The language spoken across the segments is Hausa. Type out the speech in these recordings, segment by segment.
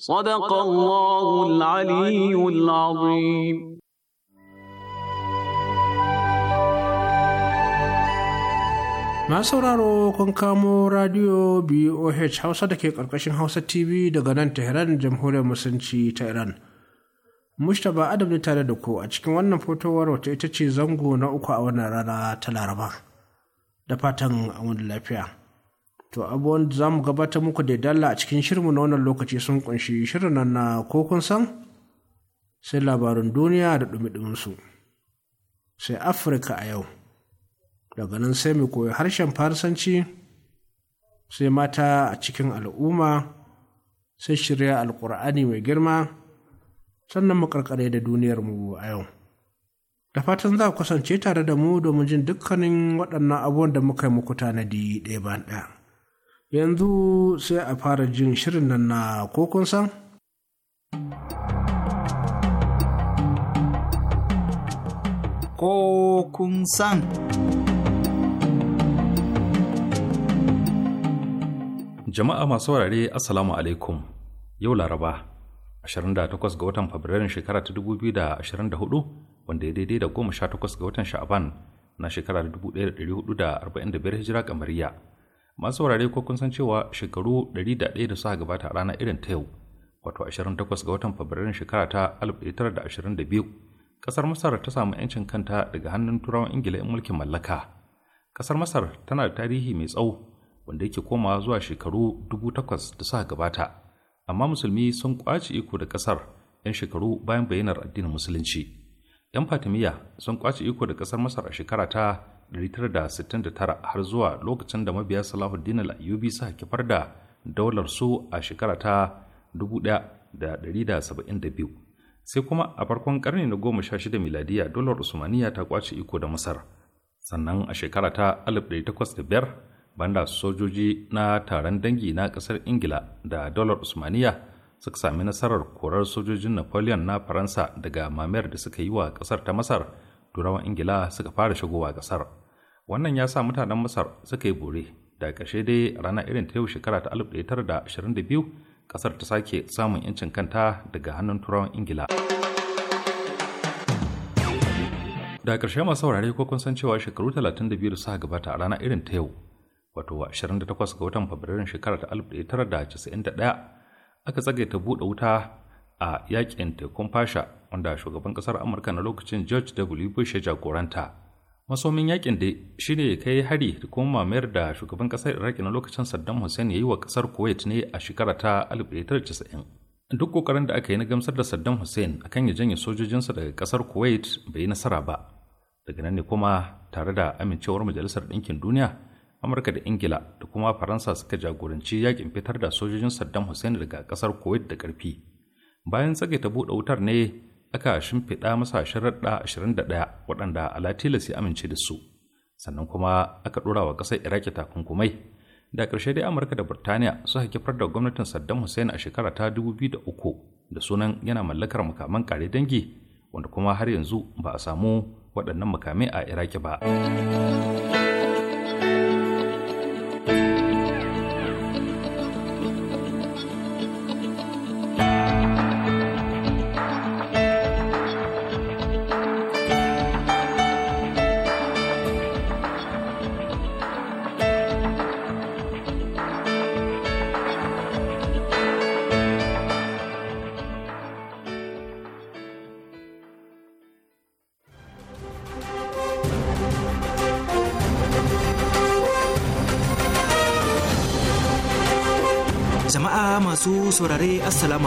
صدق الله العلي العظيم masu sauraro kun kamo radio boh hausa da ke ƙarƙashin hausa tv daga nan tehran jamhuriyar musulunci ta iran mustapha adam ne tare da ku a cikin wannan fotowar wata ita ce zango na uku a wannan rana ta laraba da fatan an lafiya To abubuwan da za mu gabatar muku da dalla a cikin shirinmu na wannan lokaci sun kunshi shirin nan na ko san sai labarin duniya da dumi sai Afirka a yau daga nan sai mu koyi harshen Farsanci sai mata a cikin al'umma sai shirya Alƙur'ani mai girma sannan mu karkare da duniyarmu a yau. da fatan za ku kasance tare da mu domin jin dukkanin waɗannan abubuwan da muka yi muku tanadi ɗaya ba ɗaya. yanzu sai a fara jin shirin nan na kokon san kokun san jama'a masu wurare assalamu alaikum yau laraba 28 ga watan fabrairun shekara ta 2024 wanda ya daidai da 18 ga watan sha'aban na shekarar 1445 hijira kamariya masu wurare ko kun san cewa shekaru 101 da suka gabata a ranar irin ta yau wato 28 ga watan fabrairun shekara ta 1922 kasar masar ta samu 'yancin kanta daga hannun turawan ingila in mulkin mallaka kasar masar tana da tarihi mai tsawo wanda yake komawa zuwa shekaru 8,000 da suka gabata amma musulmi sun ƙwace iko da kasar 'yan shekaru bayan bayyanar addinin musulunci 'yan fatimiyya sun ƙwace iko da kasar masar a shekara ta 1969 har zuwa lokacin da mabiya Salahuddin al-Ayyubi suka kifar da dalar su a shekara ta 1172. Sai kuma a farkon karni na 16 miladiya dalar Usmaniya ta kwace iko da Masar. Sannan a shekara ta 1805 banda sojoji na taron dangi na kasar Ingila da dalar Usmaniya suka sami nasarar korar sojojin Napoleon na Faransa daga mamayar da suka yi wa kasar ta Masar. turawan ingila suka fara shigowa kasar wannan ya sa mutanen masar suka yi bore da ƙarshe dai a ranar irin ta yau shekara ta 1922 ƙasar ta sake samun 'yancin kanta daga hannun turawan ingila da ƙarshe masu saurare ko kun san cewa shekaru 32 da suka gabata a rana irin ta yau wato 28 ga watan fabrairun shekara ta 1991 aka tsage ta buɗe wuta a yakin tekun fasha wanda shugaban ƙasar amurka na lokacin george w bush ya jagoranta masomin yakin da shine kai hari da kuma mayar da shugaban kasar iraq na lokacin saddam hussein ya yi wa kasar kuwait ne a shekara ta 1990 duk kokarin da aka yi na gamsar da saddam hussein akan ya janye sojojinsa daga kasar kuwait bai yi nasara ba daga nan ne kuma tare da amincewar majalisar ɗinkin duniya amurka da ingila da kuma faransa suka jagoranci yakin fitar da sojojin saddam hussein daga kasar kuwait da ƙarfi bayan tsage ta buɗe wutar ne aka shimfiɗa ashirin da 21 waɗanda alatila ya amince da su sannan kuma aka ɗora wa ƙasar iraki takunkumai da ƙarshe dai amurka da burtaniya su kifar da gwamnatin saddam hussein a shekara ta 2003 da sunan yana mallakar mukaman ƙare dangi wanda kuma har yanzu ba a samu waɗannan mukamai a iraki ba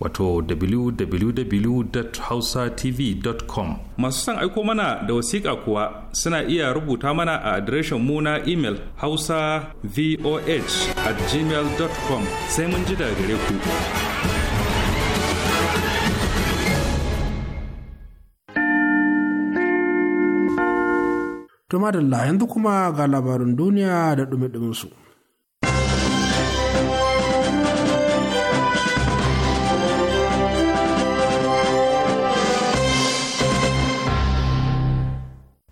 wato www.hausatv.com masu son aiko mana da wasiƙa kuwa suna iya rubuta mana a adireshin mu na imel hausa voh at gmail.com sai mun ji daga gare ku Tuma da yanzu kuma ga labarin duniya da dumi su.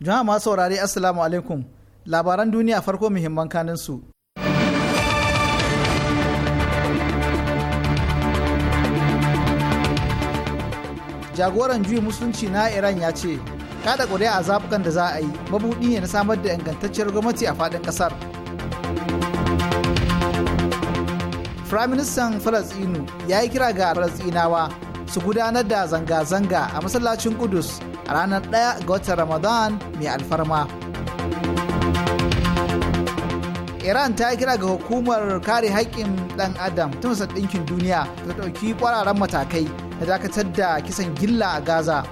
Juma masu saurare assalamu alaikum labaran duniya farko muhimman kanin su jagoran juyi musulunci na iran ya ce kada ƙuri'a a zafukan da za a yi mabuɗi ne na samar da ingantacciyar gwamnati a faɗin ƙasar firaministan falasɗinu ya yi kira ga falasɗinawa su gudanar da zanga-zanga a masallacin kudus ranar ɗaya ga watan ramadan mai alfarma iran ta yi kira ga hukumar kare haƙƙin ɗan adam ta masar ɗinkin duniya ta ɗauki ƙwararren matakai da dakatar da kisan gilla a gaza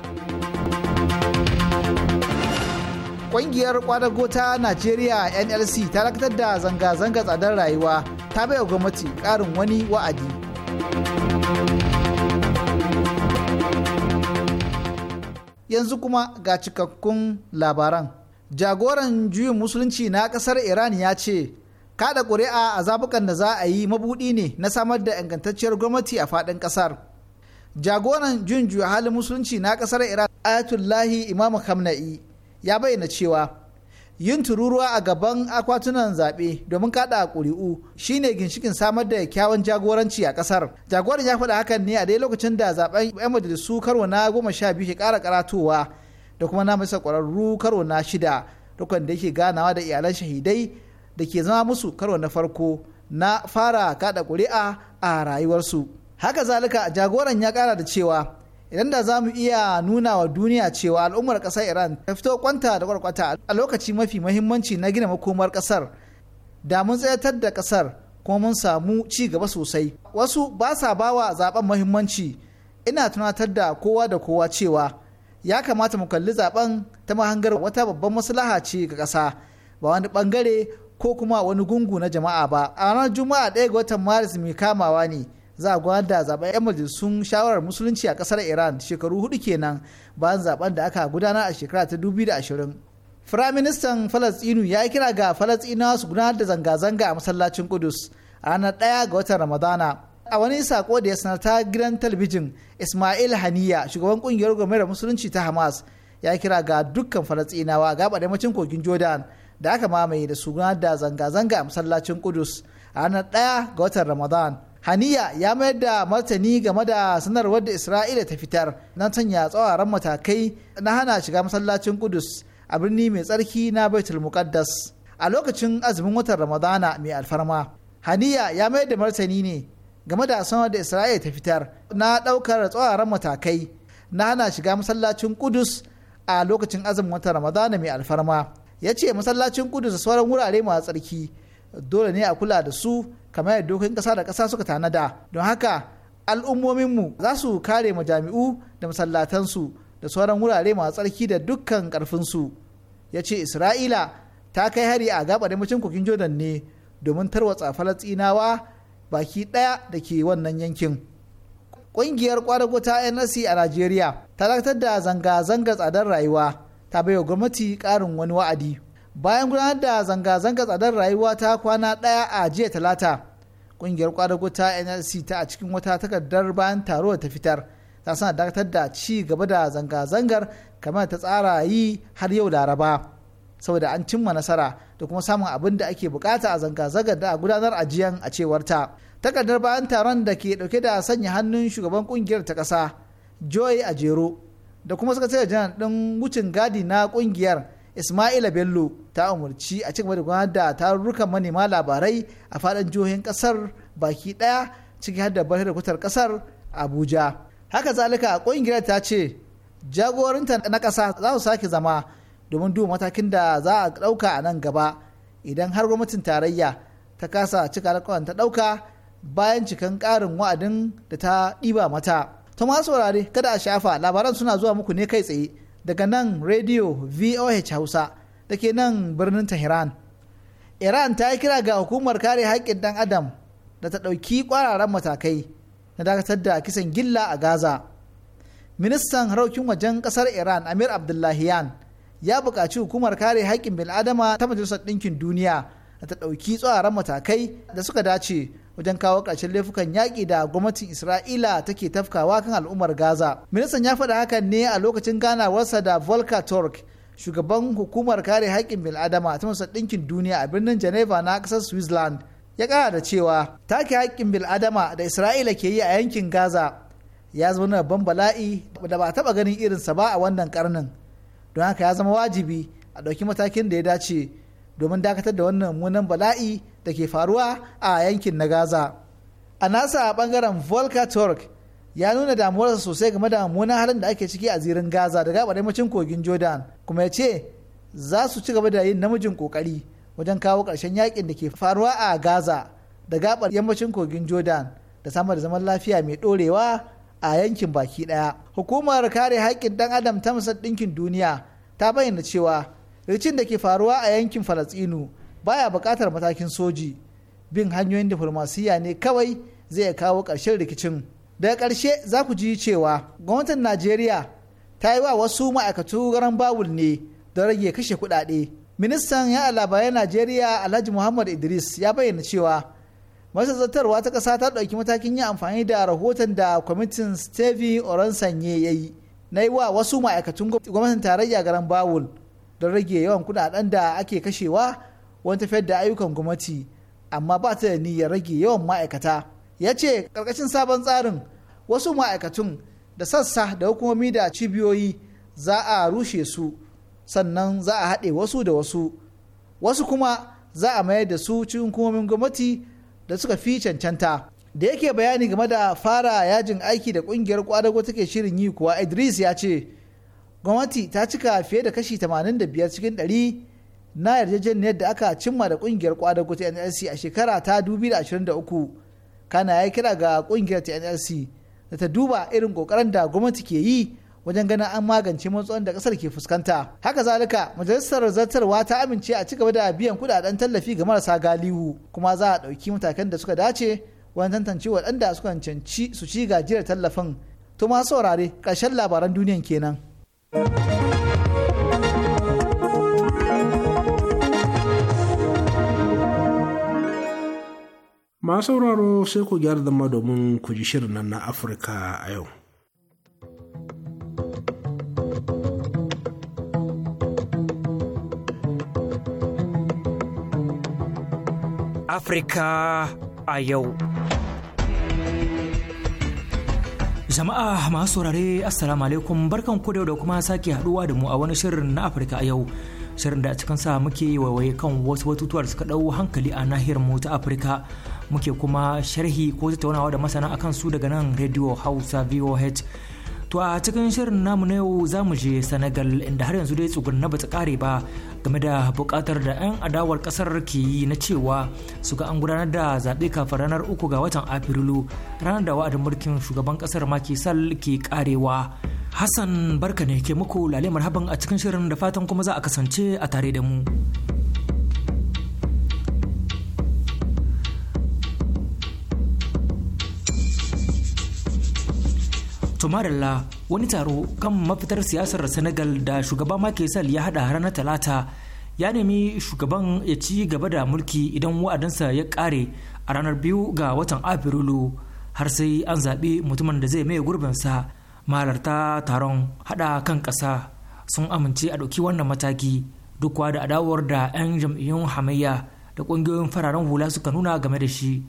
ƙungiyar ƙwadago ta najeriya nlc ta dakatar da zanga-zanga tsadar rayuwa ta baiwa gwamnati ƙarin wani wa'adi yanzu kuma ga cikakkun labaran jagoran juyin musulunci na kasar iran ya ce kada ƙuri'a a zabukan da za a yi mabuɗi ne na samar da ingantacciyar gwamnati a faɗin ƙasar jagoran juyin juya halin musulunci na ƙasar iran ayatullahi imam kamna'i ya bayyana cewa yin tururuwa a gaban akwatunan zaɓe domin kaɗa ƙuri'u shine ginshikin samar da kyawun jagoranci a ƙasar. Jagoran ya faɗa hakan ne a dai lokacin da zaɓen 'yan majalisu karo na goma sha biyu ke ƙara karatowa da kuma na masa ƙwararru karo na shida dukkan da yake ganawa da iyalan shahidai da ke zama musu karo na farko na fara kaɗa ƙuri'a a rayuwarsu. Haka zalika jagoran ya ƙara da cewa idan da za mu iya nuna wa duniya cewa al'ummar ƙasar iran ta fito kwanta da kwarkwata a lokaci mafi mahimmanci na gina makomar ƙasar da mun tsayatar da ƙasar kuma mun samu ci gaba sosai wasu ba sa ba wa zaben mahimmanci ina tunatar da kowa da kowa cewa ya kamata mu kalli zaben ta mahangar wata babban maslaha ce ga ƙasa ba wani bangare ko kuma wani gungu na jama'a ba a ranar juma'a ɗaya ga watan maris mai kamawa ne za a gwada da zaben 'yan majalisun shawarar musulunci a ƙasar iran shekaru hudu kenan bayan zaɓen da aka gudanar a shekara ta da 2020 firaministan falastinu ya kira ga falastinawa su gudanar da zanga-zanga a masallacin kudus a ranar ɗaya ga watan ramadana a wani sako da ya sanar ta gidan talabijin ismail haniya shugaban kungiyar gwamnatin musulunci ta hamas ya kira ga dukkan falastinawa a gaba yammacin kogin jordan da aka mamaye da su da zanga-zanga a masallacin kudus a ranar ɗaya ga watan ramadana. haniya ya mayar da martani game da sanarwar da isra'ila ta fitar na sanya tsawaran matakai na hana shiga masallacin kudus a birni mai tsarki na baitul muqaddas a lokacin azumin watan ramadana mai alfarma haniya ya mayar da martani ne game da sanarwar da isra'ila ta fitar na ɗaukar tsawaran matakai na hana shiga masallacin kudus a lokacin azumin watan ramadana mai alfarma ya ce masallacin kudus da sauran wurare masu tsarki dole ne a kula da su kamar yadda dokokin ƙasa da ƙasa suka tanada don haka al'ummominmu za su kare majami'u da masallatansu da sauran wurare masu tsarki da dukkan ƙarfinsu ya ce isra'ila ta kai hari a gaba yammacin kokin jordan ne domin tarwatsa falastinawa baki ɗaya da ke wannan yankin ƙungiyar kwadago ta nlc a najeriya ta da zanga zanga tsadar rayuwa ta bai wa gwamnati ƙarin wani wa'adi bayan gudanar da zanga-zanga tsadar rayuwa ta kwana ɗaya a jiya talata ƙungiyar kwadago ta nlc ta a cikin wata takardar bayan taro ta fitar ta sana dakatar da ci gaba da zanga-zangar kamar ta tsara yi har yau laraba saboda an cimma nasara da kuma samun abin da ake bukata a zanga-zangar da a gudanar ajiyar a cewar ta takardar bayan taron da ke dauke da sanya hannun shugaban kungiyar ta kasa joy ajero da kuma sakatare janar din wucin gadi na kungiyar ismaila bello ta umarci a cikin da gudanar da tarurrukan manema labarai a faɗin jihohin kasar baki daya ciki har da da kutar ƙasar abuja haka zalika a ƙungiyar ta ce jagorinta na ƙasa za su sake zama domin duba matakin da za a dauka a nan gaba idan har gwamnatin tarayya ta kasa cika alƙawarin ta dauka bayan cikan ƙarin wa'adin da ta ɗiba mata. To masu saurare kada a shafa labaran suna zuwa muku ne kai tsaye daga nan rediyo voh hausa da ke nan birnin tehran iran ta yi kira ga hukumar kare haƙƙin ɗan adam da ta ɗauki ƙwararren matakai na dakatar da kisan gilla a gaza ministan harkokin wajen ƙasar iran amir abdullahiyan ya buƙaci hukumar kare haƙƙin bil'adama ta majalisar ɗinkin duniya da ta ɗauki tsoron matakai da suka dace wajen kawo ƙarshen laifukan yaƙi da gwamnatin isra'ila take tafkawa kan al'ummar gaza ministan ya faɗa hakan ne a lokacin ganawarsa da volker turk shugaban hukumar kare haƙƙin bil'adama ta masar ɗinkin duniya a birnin geneva na ƙasar switzerland ya ƙara da cewa take haƙƙin bil'adama da isra'ila ke yi a yankin gaza ya zama babban bala'i da ba taɓa ganin irinsa ba a wannan ƙarnin don haka ya zama wajibi a ɗauki matakin da ya dace domin dakatar da wannan munan bala'i da ke faruwa a yankin na gaza a nasa a bangaren volker turk ya nuna damuwarsa sosai game da mummunan halin da ake ciki a zirin gaza da gabar yammacin kogin jordan kuma ya ce za su ci gaba da yin namijin kokari wajen kawo ƙarshen yakin da ke faruwa a gaza da gabar yammacin kogin jordan da samar da zaman lafiya mai ɗorewa a yankin baki ɗaya hukumar kare haƙƙin ɗan adam ta masar ɗinkin duniya ta bayyana cewa rikicin da ke faruwa a yankin falastinu baya buƙatar matakin soji bin hanyoyin diflomasiyya ne kawai zai kawo ƙarshen rikicin daga ƙarshe za ku ji cewa gwamnatin najeriya ta yi wa wasu ma'aikatu garan bawul ne don rage kashe kuɗaɗe ministan ya labarai najeriya alhaji muhammad idris ya bayyana cewa masazartarwa ta ƙasa ta ɗauki matakin yin amfani da rahoton da kwamitin steve sanye ya yi na yi wa wasu ma'aikatun gwamnatin tarayya garan bawul don rage yawan kuɗaɗen da ake kashewa wani tafiyar da ayyukan gwamnati amma ba ta da niyyar rage yawan ma'aikata ya ce ƙarƙashin sabon tsarin wasu ma'aikatun da sassa da hukumomi da cibiyoyi za a rushe su sannan za a haɗe wasu da wasu wasu kuma za a mayar da su cikin hukumomin gwamnati da suka fi cancanta da yake bayani game da fara yajin aiki da ƙungiyar kwadago take shirin yi kuwa idris ya ce gwamnati ta cika fiye da kashi 85 cikin 100 na yarjejeniyar da aka cimma da kungiyar kwadago ta nlc a shekara ta 2023 kana ya kira ga kungiyar ta nlc da ta duba irin kokarin da gwamnati ke yi wajen ganin an magance matsalolin da kasar ke fuskanta haka zalika majalisar zartarwa ta amince a cigaba da biyan kudaden tallafi ga marasa galihu kuma za a ɗauki matakan da suka dace wajen tantance waɗanda suka cancanci su ci gajiyar tallafin to masu saurare ƙarshen labaran duniyan kenan. Masu sauraro sai ku gyara zama domin ku ji shirin nan na Afirka a yau. Afirka a yau. Jama'a masu saurare Assalamu alaikum barkan ku da kuma sake haduwa da mu a wani shirin na Afirka a yau. Shirin da a cikin sa muke waiwaye kan wasu batutuwar suka dau hankali a nahiyar mu ta Afirka. muke kuma sharhi ko tattaunawa da masana akan su daga nan radio hausa voh to a cikin shirin namu na yau za mu je senegal inda har yanzu dai tsugunna ba ta kare ba game da bukatar da 'yan adawar kasar ke yi na cewa su ga an gudanar da zaɓe kafin ranar uku ga watan afrilu ranar da wa'adin mulkin shugaban kasar maki sal ke karewa hassan barka ne ke muku lalemar haban a cikin shirin da fatan kuma za a kasance a tare da mu. tumarilla wani taro kan mafitar siyasar senegal da shugaba makesal ya hada ranar talata ya nemi shugaban ya ci gaba da mulki idan wa'adansa ya kare a ranar biyu ga watan afrilu har sai an zaɓi mutumin da zai maye gurbinsa mahalarta taron hada kan ƙasa sun amince a ɗauki wannan mataki duk da adawar da 'yan jam'iyyun hamayya da ƙungiyoyin fararen hula suka nuna game da shi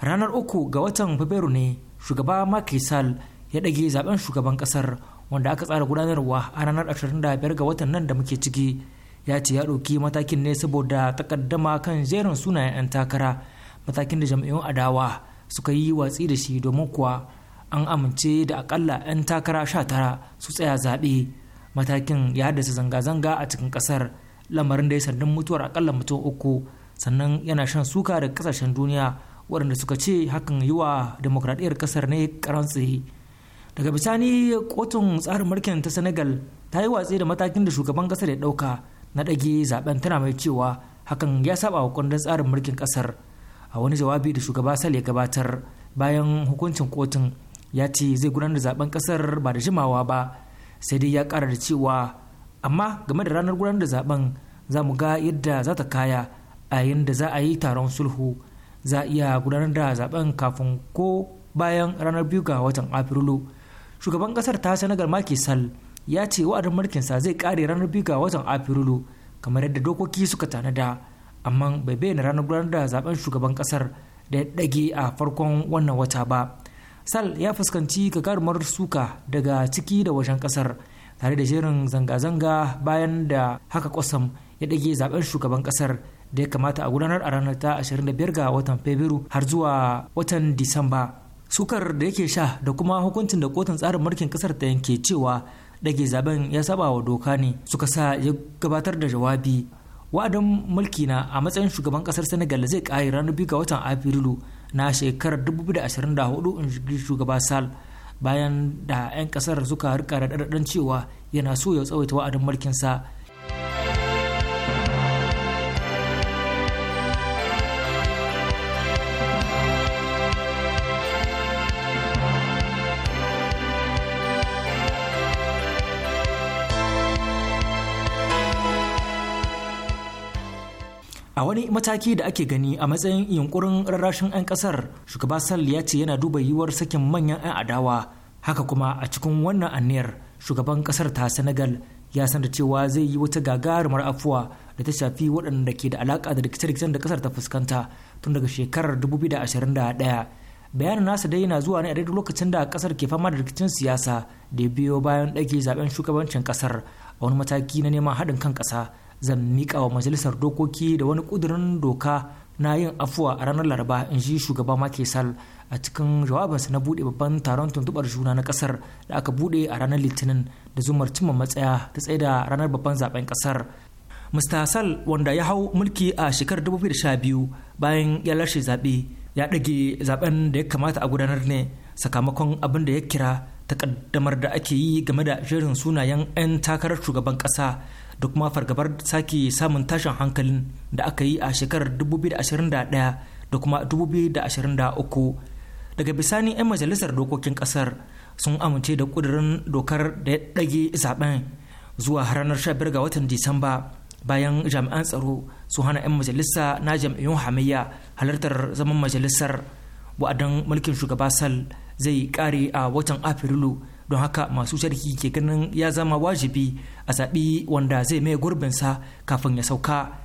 ranar uku ga watan fabrairu ne shugaba makisal ya ɗage zaben shugaban ƙasar wanda aka tsara gudanarwa a ranar 25 ga watan nan da muke ciki ya ce ya ɗauki matakin ne saboda takaddama kan jerin sunayen 'yan takara matakin da jam'iyyun adawa suka yi watsi da shi domin kuwa an amince da akalla 'yan takara sha tara su tsaya zaɓe matakin ya haddasa zanga-zanga a cikin ƙasar lamarin da ya sandan mutuwar akalla mutum uku sannan yana shan suka daga kasashen duniya waɗanda suka ce hakan yi wa demokradiyyar ƙasar ne karan tsaye daga bisani kotun tsarin mulkin ta senegal ta yi watsi da matakin da shugaban kasar ya dauka na dage zaben tana mai cewa hakan ya saba wa kundin tsarin mulkin kasar a wani jawabi da shugaba sal ya gabatar bayan hukuncin kotun ya ce zai gudanar da zaben kasar ba da jimawa ba sai dai ya kara da cewa amma game da ranar gudanar da zaben za mu ga yadda za ta kaya a yayin da za a yi taron sulhu za a iya gudanar da zaben kafin ko bayan ranar biyu ga watan afrilu shugaban kasar ta senegal maki sal ya ce wa'adin sa zai kare ranar biyu ga watan afrilu kamar yadda dokoki suka tanada amma bai bayyana ranar gudanar da zaben shugaban kasar da ya dage a farkon wannan wata ba sal ya fuskanci gagarumar suka daga ciki da wajen kasar tare da jerin zanga-zanga bayan da haka kwasam ya dage zaben shugaban kasar da ya kamata a gudanar a ranar ta 25 ga watan fabrairu har zuwa watan disamba sukar da yake sha da kuma hukuncin da kotun tsarin mulkin kasar ta yanke cewa dage zaben ya saba wa doka ne suka sa ya gabatar da jawabi wa'adin mulki na a matsayin shugaban kasar senegal zai kare ranar biyu ga watan afrilu na shekarar 2024 in shugaba sal bayan da 'yan kasar suka rika da cewa yana so ya tsawaita wa'adin mulkinsa a wani mataki da ake gani a matsayin yunkurin rarrashin 'yan kasar shugaba sal ya ce yana duba yiwuwar sakin manyan 'yan adawa haka kuma a cikin wannan anniyar shugaban kasar ta senegal ya san da cewa zai yi wata gagarumar afuwa da ta shafi waɗanda ke da alaka da rikice-rikicen da kasar ta fuskanta tun daga shekarar 2021 bayanin nasa dai yana zuwa ne a daidai lokacin da kasar ke fama da rikicin siyasa da biyo bayan ɗage zaben shugabancin kasar a wani mataki na neman haɗin kan ƙasa zan miƙa wa majalisar dokoki da wani ƙudurin doka na yin afuwa a ranar laraba in ji shugaba Macky Sall a cikin jawabinsa na buɗe babban taron tuntubar juna na ƙasar da aka buɗe a ranar litinin da zumar cimma matsaya ta tsaida ranar babban zaben ƙasar Mr. sal wanda ya hau mulki a shekarar 2012 bayan ya lashe zaɓe ya ɗage zaben da ya kamata a gudanar ne sakamakon abin da ya kira takaddamar da ake yi game da jerin sunayen 'yan takarar shugaban ƙasa da kuma fargabar sake samun tashin hankalin da aka yi a shekarar 2021 da kuma 2023 daga bisani 'yan majalisar dokokin kasar sun amince da kudurin dokar da ya ɗage zaben zuwa ranar 15 ga watan disamba bayan jami'an tsaro su hana 'yan majalisa na jam'iyyun hamayya halartar zaman majalisar wa'adan mulkin shugaba sal zai kare a watan afrilu don haka masu sharhi ke ganin ya zama wajibi a zaɓi wanda zai mai gurbinsa kafin ya sauka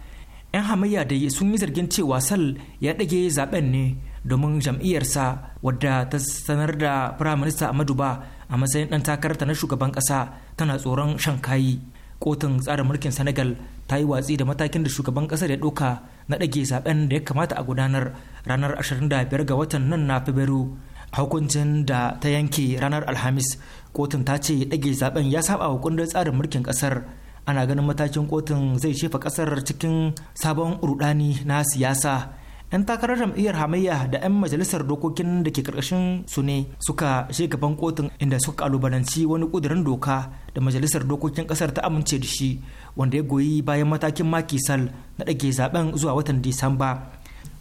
'yan hamayya da sun yi zargin cewa sal ya ɗage zaben ne domin jam'iyyarsa wadda ta sanar da firaminista amadu ba a matsayin ɗan takararta na shugaban ƙasa tana tsoron shan kayi kotun tsarin mulkin senegal ta yi watsi da matakin da shugaban ƙasar ya ɗauka na ɗage zaben da ya kamata a gudanar ranar 25 ga watan nan na fabaru hukuncin da ta yanke ranar alhamis kotun ta ce dage zaben ya saba wa kundin tsarin mulkin ƙasar ana ganin matakin kotun zai shefa ƙasar cikin sabon rudani na siyasa 'yan takarar jam'iyyar hamayya da 'yan majalisar dokokin da ke karkashin su ne suka gaban kotun inda suka kalubalanci wani kudurin doka da majalisar dokokin kasar ta amince da shi wanda ya goyi bayan matakin makisal na dage zaben zuwa watan disamba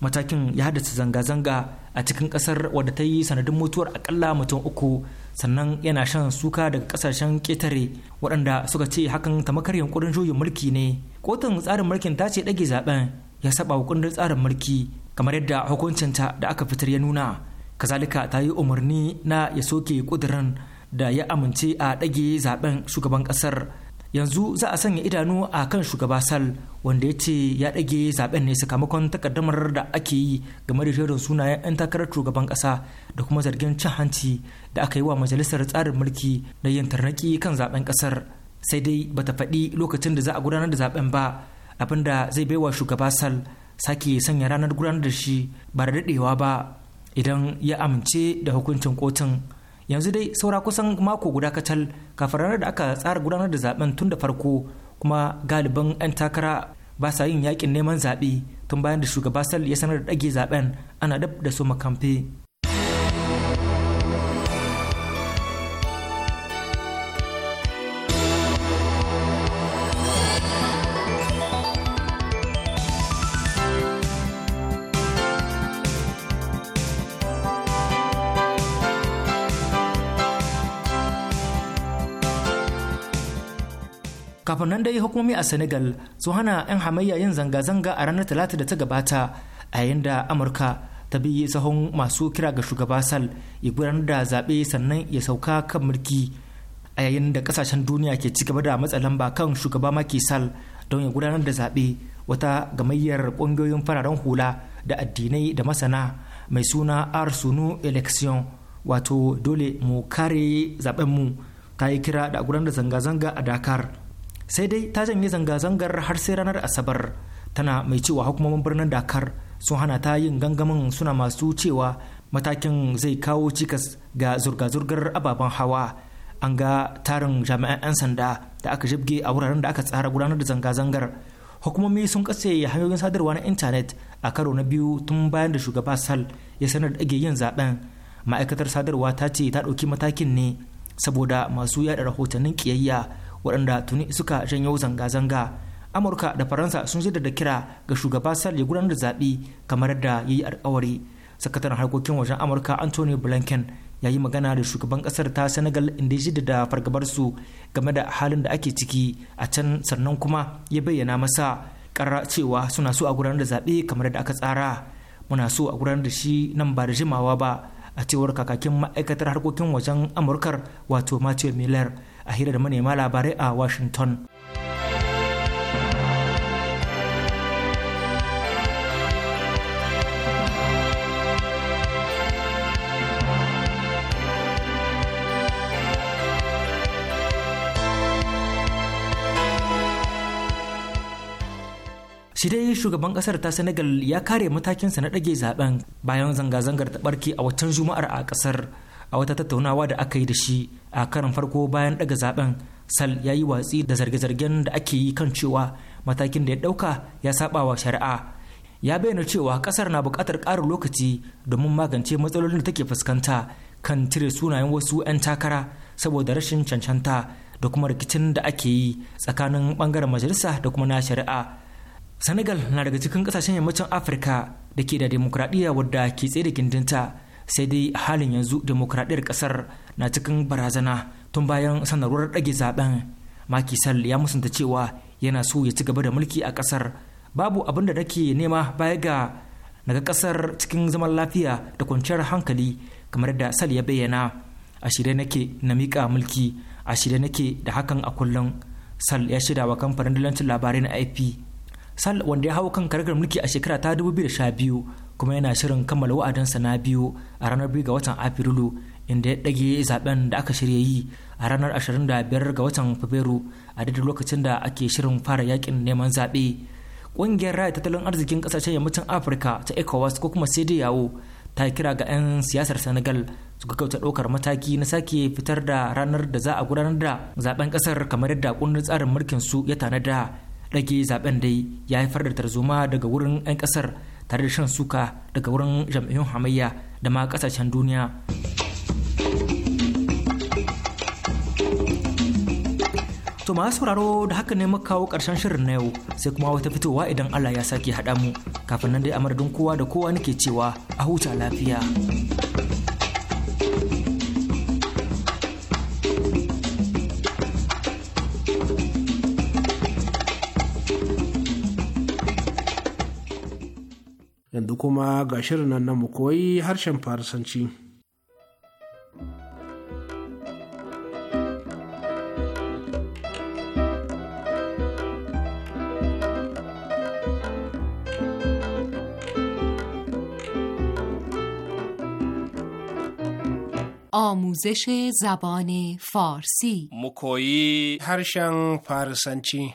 matakin ya haddasa zanga-zanga a cikin kasar wadda ta yi sanadin mutuwar akalla mutum uku sannan yana shan suka daga kasashen ketare waɗanda suka ce hakan tamakar yankurin juyin mulki ne kotun tsarin mulkin ta ce ɗage zaben ya saba wa tsarin mulki kamar yadda hukuncin ta da aka fitar ya nuna kazalika ta yi umarni na ya soke kudirin da ya amince a ɗage zaben shugaban ƙasar yanzu za a sanya idanu a kan shugaba sal wanda ya ce ya ɗage zaben ne sakamakon takaddamar da ake yi game da shirin sunayen 'yan takarar shugaban ƙasa da kuma zargin cin hanci da aka yi wa majalisar tsarin mulki na yin tarnaki kan zaben ƙasar sai dai bata faɗi lokacin da za a gudanar da zaben ba abin da zai baiwa shugaba sal sake sanya ranar gudanar da shi ba da daɗewa ba idan ya amince da hukuncin kotun yanzu dai saura kusan mako guda kacal kafin ranar da aka tsara gudanar da zaben tun da farko kuma galibin 'yan takara ba sa yin yakin neman zaɓe tun bayan da shugaba sal ya sanar da ɗage zaben ana dab da su makamfe kafin nan dai hukumomi a senegal su hana 'yan hamayya yin zanga-zanga a ranar talata da ta gabata a yayin da amurka ta bi sahun masu kira ga shugaba sal ya gudanar da zaɓe sannan ya sauka kan mulki a yayin da kasashen duniya ke ci gaba da matsa lamba kan shugaba maki sal don ya gudanar da zaɓe wata gamayyar ƙungiyoyin fararen hula da addinai da masana mai suna arsunu election wato dole mu kare zaɓenmu ta yi kira da gudanar da zanga-zanga a dakar sai dai ta janye zanga-zangar har sai ranar asabar tana mai cewa hukumomin birnin dakar sun hana ta yin gangamin suna masu cewa matakin zai kawo cikas ga zurga-zurgar ababen hawa an ga tarin jami'an 'yan sanda da aka jibge a wuraren da aka tsara gudanar da zanga-zangar hukumomi sun kase hanyoyin sadarwa na intanet a karo na biyu tun bayan da shugaba sal ya sanar da ake yin zaben ma'aikatar sadarwa ta ce ta ɗauki matakin ne saboda masu yada rahotannin kiyayya waɗanda tuni suka janyo zanga-zanga amurka da faransa sun da kira ga shugaba sal ya gudanar da zaɓe kamar da yayi yi alkawari sakataren harkokin wajen amurka anthony blinken ya yi magana da shugaban ƙasar ta senegal inda ya da fargabar su game da halin da ake ciki a can sannan kuma ya bayyana masa kara cewa suna so a gudanar da zaɓe kamar da aka tsara muna so a gudanar da shi nan ba da jimawa ba a cewar kakakin ma'aikatar harkokin wajen amurkar wato matthew miller a hira da manema labarai a washington shi dai shugaban kasar ta senegal ya kare matakinsa na ɗage zaben bayan zanga-zangar ta barke a watan juma'ar a kasar a wata tattaunawa da aka yi da shi a karin farko bayan daga zaben sal ya yi watsi da zarge-zargen da ake yi kan cewa matakin da ya dauka ya saba wa shari'a ya bayyana cewa kasar na bukatar ƙarin lokaci domin magance matsalolin da take fuskanta kan cire sunayen wasu 'yan takara saboda rashin cancanta da kuma rikicin da ake yi tsakanin bangaren majalisa da kuma na shari'a senegal na daga cikin kasashen yammacin afirka da ke da demokradiyya wadda ke tsaye da gindinta sai dai halin yanzu demokradiyyar kasar na cikin barazana tun bayan sanarwar ɗage zaben sal ya musanta cewa yana so ya ci gaba da mulki a kasar babu abin da nake nema baya ga naga kasar cikin zaman lafiya da kwanciyar hankali kamar da sal ya bayyana a shirye nake na miƙa mulki a shirye nake da hakan a kullum sal ya shirya wa kamfanin dalancin labarai na ip sal wanda ya hau kan karkar mulki a shekara ta 2012 kuma yana shirin kammala wa'adinsa na biyu a ranar biyu ga watan afrilu inda ya ɗage zaben da aka shirya yi a ranar 25 ga watan fabrairu a daidai lokacin da ake shirin fara yakin neman zaɓe ƙungiyar raya tattalin arzikin ƙasashen yammacin afirka ta ecowas ko kuma sai yawo ta kira ga 'yan siyasar senegal su kauta ɗaukar mataki na sake fitar da ranar da za a gudanar da zaben ƙasar kamar yadda kundin tsarin mulkin su ya tanada ɗage zaben dai ya haifar da tarzoma daga wurin 'yan ƙasar tare da shan suka daga wurin jam'iyyun hamayya da ma kasashen duniya To masu sauraro da haka ne muka kawo karshen shirin na yau sai kuma wata fitowa idan Allah ya sake haɗa mu kafin nan dai a madadin kowa da kowa nake cewa a huta lafiya. yanzu kuma ga shirin nan na mu koyi harshen farisanci. آموزش زبان فارسی مکویی هرشن فارسنچی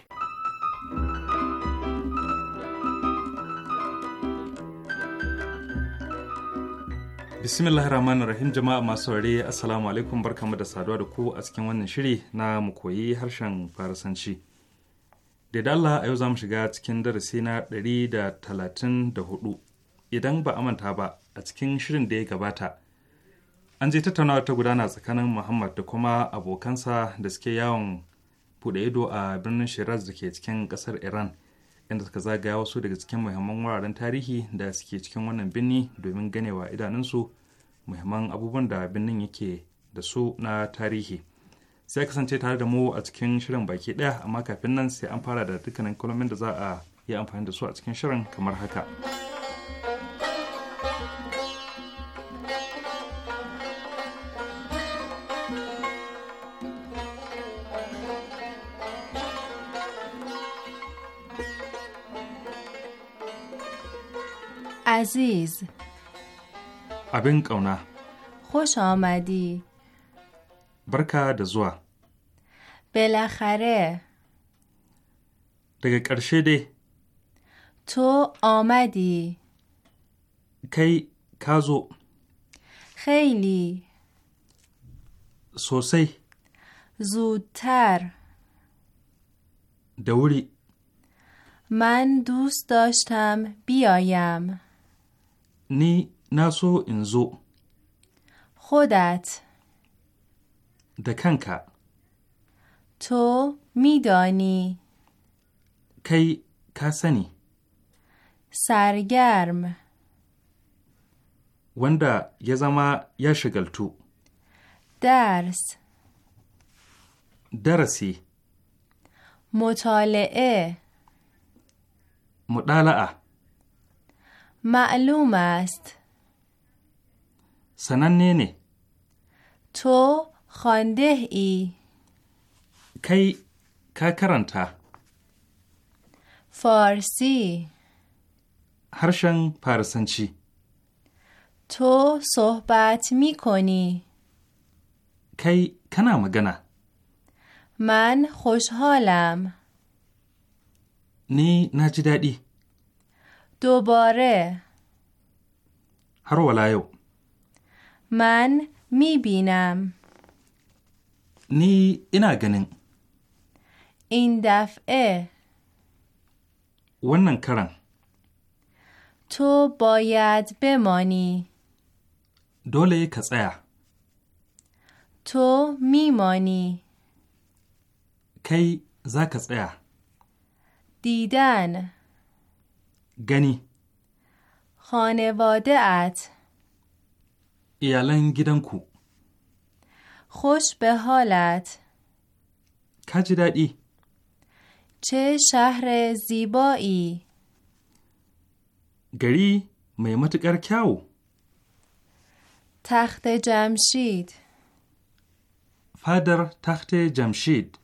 bismillahir rahmanir rahim jama'a masu saurare assalamu alaikum barkamu da saduwa da ku a cikin wannan shiri na mu koyi harshen farasanci da Allah a yau za mu shiga cikin darasi na ɗari da da hudu idan ba a manta ba a cikin shirin da ya gabata an je tattaunawa ta gudana tsakanin muhammad da kuma abokansa da suke yawon buɗe ido a birnin shiraz da ke cikin ƙasar iran inda suka zagaya wasu daga cikin muhimman wuraren tarihi da suke cikin wannan birni domin ganewa idanunsu muhimman abubuwan da birnin yake da su na tarihi sai kasance tare da mu a cikin shirin baki ɗaya amma kafin nan sai an fara da dukkanin kalamin da za a yi amfani da su a cikin shirin kamar haka. aziz. ابن قونا خوش آمدی برکا دزوا بالاخره دیگه کرشه تو آمدی کی کازو خیلی سوسی زودتر دوری من دوست داشتم بیایم نی ناسو انزو خودت دکنکا تو میدانی کی کسنی سرگرم وندا یا زما درس درسی مطالعه مطالعه معلوم است سننه نه تو خانده ای کی که کرنتا فارسی هرشن پارسنچی تو صحبت می کنی کی کنا مگنا من خوشحالم نی نجدادی دوباره هر ولایو من می بینم نی اینا گنین این دفعه ونن کرن تو باید بمانی دوله کسایا تو میمانی کی زا کسایا دیدن گنی خانواده ات ایالن گیدن کو خوش به حالت کجی چه شهر زیبایی گری می متقر کیاو تخت جمشید فدر تخت جمشید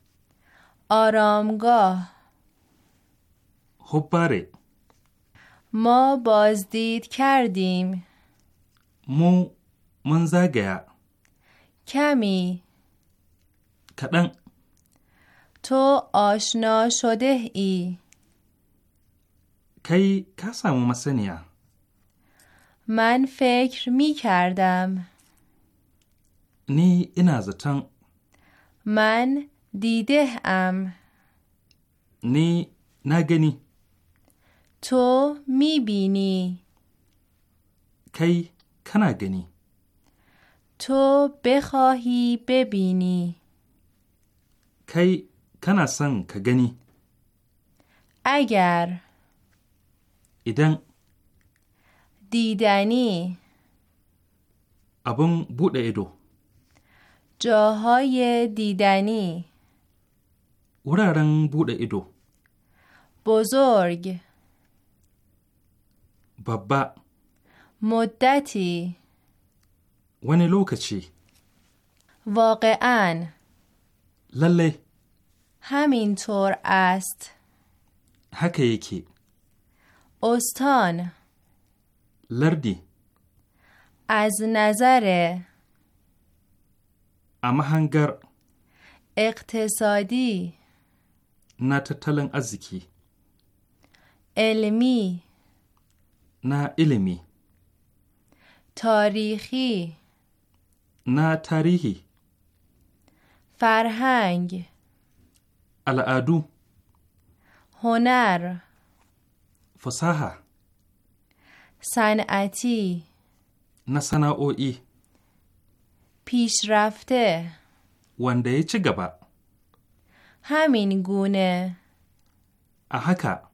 آرامگاه باره ما بازدید کردیم مو من زگه کمی کدن تو آشنا شده ای کی کسمو مسنیا من فکر می کردم نی این از من دیده ام نی نگنی تو می بینی کی کنا تو بخواهی ببینی کی کنا سن اگر ایدن دیدنی ابون بوده ایدو جاهای دیدنی ورارن بوده ایدو بزرگ بابا مدتی ونه لوکچی واقعا لله همینطور است هکه یکی استان لردی از نظر امهنگر اقتصادی نه تتلن ازیکی علمی نه علمی تاریخی نه تاریخی فرهنگ العدو هنر فساحه صنعتی نه صناعوی پیشرفته ونده چه گبا همین گونه احکا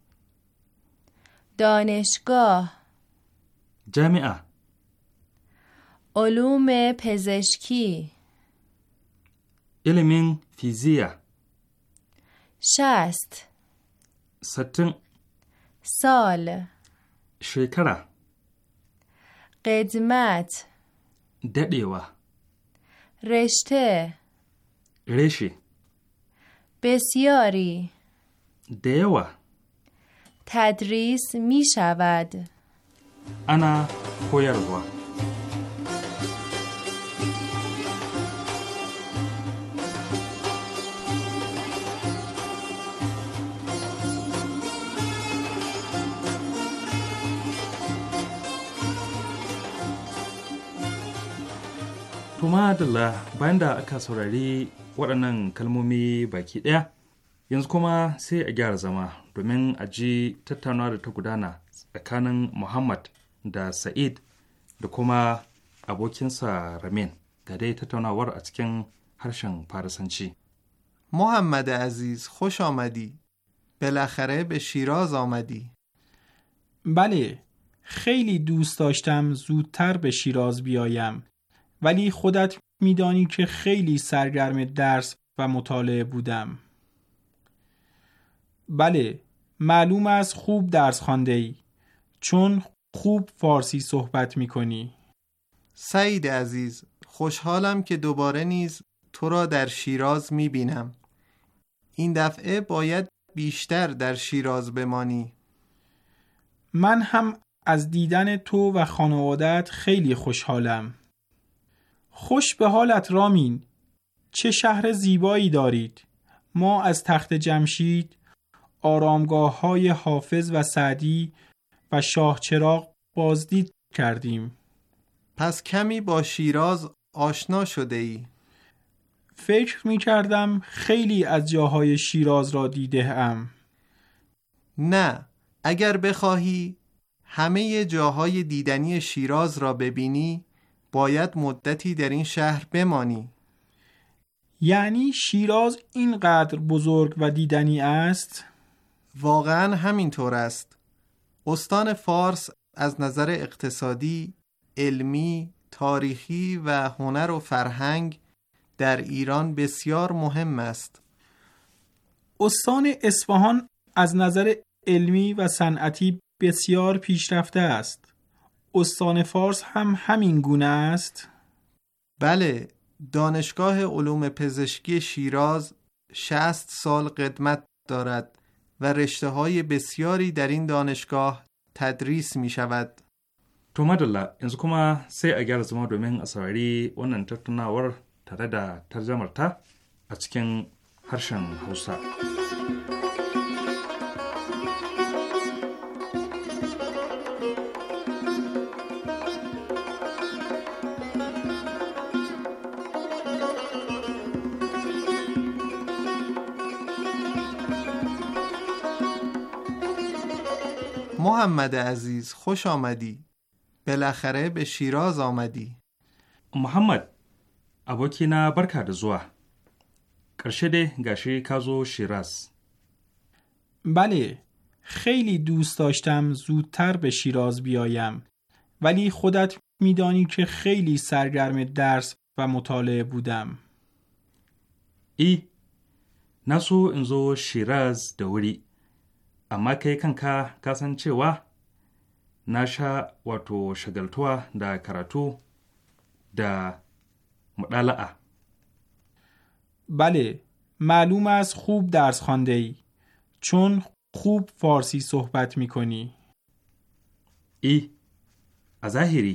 دانشگاه جامعه علوم پزشکی علم فیزیا شست ستن سال شکره قدمت ددیوه رشته رشی بسیاری دیوه تدریس می شود انا کویروا madalla bayan da aka saurari waɗannan kalmomi baki ɗaya yanzu kuma sai a gyara zama domin a ji tattaunawa da ta gudana tsakanin muhammad da sa'id da kuma abokinsa ramin ga dai tattaunawar a cikin harshen farisanci muhammad aziz خوش آمدی بالاخره به شیراز آمدی بله خیلی دوست داشتم زودتر به شیراز بیایم ولی خودت میدانی که خیلی سرگرم درس و مطالعه بودم بله معلوم از خوب درس خانده ای چون خوب فارسی صحبت می کنی سعید عزیز خوشحالم که دوباره نیز تو را در شیراز می بینم این دفعه باید بیشتر در شیراز بمانی من هم از دیدن تو و خانوادت خیلی خوشحالم خوش به حالت رامین چه شهر زیبایی دارید ما از تخت جمشید آرامگاه های حافظ و سعدی و شاه چراغ بازدید کردیم پس کمی با شیراز آشنا شده ای فکر می کردم خیلی از جاهای شیراز را دیده ام نه اگر بخواهی همه جاهای دیدنی شیراز را ببینی باید مدتی در این شهر بمانی یعنی شیراز اینقدر بزرگ و دیدنی است؟ واقعا همینطور است استان فارس از نظر اقتصادی، علمی، تاریخی و هنر و فرهنگ در ایران بسیار مهم است استان اصفهان از نظر علمی و صنعتی بسیار پیشرفته است استان فارس هم همین گونه است؟ بله دانشگاه علوم پزشکی شیراز شست سال قدمت دارد و رشته های بسیاری در این دانشگاه تدریس می شود تو مدلله انز کومه سه اگر زما دومین اسراری ونن تره تردا ترجمه ا اچکن هرشن هوسا محمد عزیز خوش آمدی بالاخره به شیراز آمدی محمد abokina barka da zuwa زوا dai gashi شیراز بله خیلی دوست داشتم زودتر به شیراز بیایم ولی خودت میدانی که خیلی سرگرم درس و مطالعه بودم ای نسو انزو شیراز دوری amma kai kanka ka san cewa na sha wato shagaltuwa da karatu da muɗala'a. Bale, maluma su kub da arzikondai, cun kub farsi sohbat mikoni. I, a zahiri,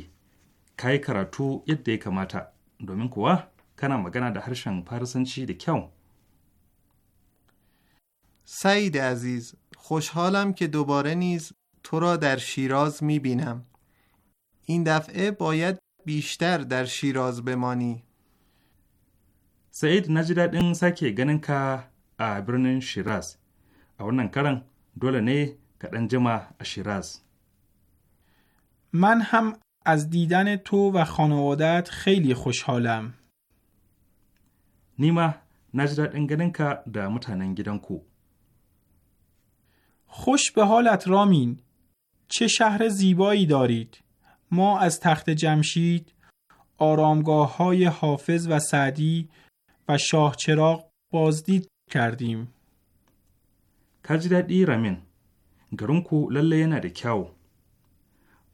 ka yi karatu yadda ya kamata, domin kuwa, kana magana da harshen farsanci da kyau. Sai Aziz, خوشحالم که دوباره نیز تو را در شیراز می بینم. این دفعه باید بیشتر در شیراز بمانی. سعید نجدت این سکه گنن که برنن شیراز. Shiraz. کرن دوله نی کرن جمع شیراز. من هم از دیدن تو و خانوادت خیلی خوشحالم. نیما این گنن که در متنن گیدن خوش به حالت رامین چه شهر زیبایی دارید ما از تخت جمشید آرامگاه های حافظ و سعدی و شاهچراغ بازدید کردیم تجدادی رامین گرونکو للا ینا ده کیاو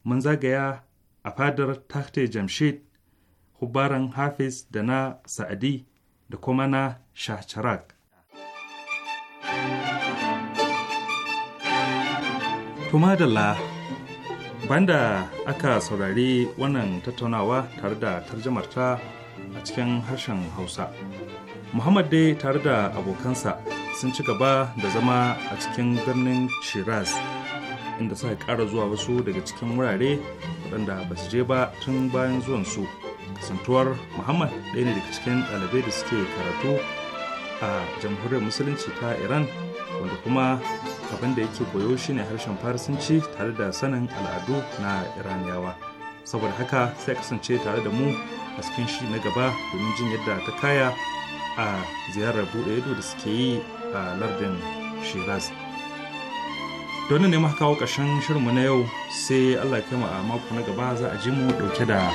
من زاگایا افادر تخت جمشید خوبارن حافظ دنا سعدی د شاهچراغ. Kuma da la banda aka saurari wannan tattaunawa tare da tarjamarta a cikin harshen Hausa. Muhammad dai tare da abokansa sun ci gaba da zama a cikin birnin Shiraz inda suka ƙara zuwa wasu daga cikin wurare waɗanda ba su je ba tun bayan zuwan su Kasantuwar Muhammad ɗaya ne daga cikin ɗalibai da suke karatu a jamhuriyar musulunci ta Iran wanda kuma abin da yake koyo shine harshen farisanci tare da sanin al'adu na iraniyawa saboda haka sai kasance tare da mu a cikin shi na gaba domin jin yadda ta kaya a ziyarar bude ido da suke yi a lardin shiraz don ne maka kawo ƙarshen shirinmu na yau sai allah ya kama a mako na gaba za a ji mu dauke da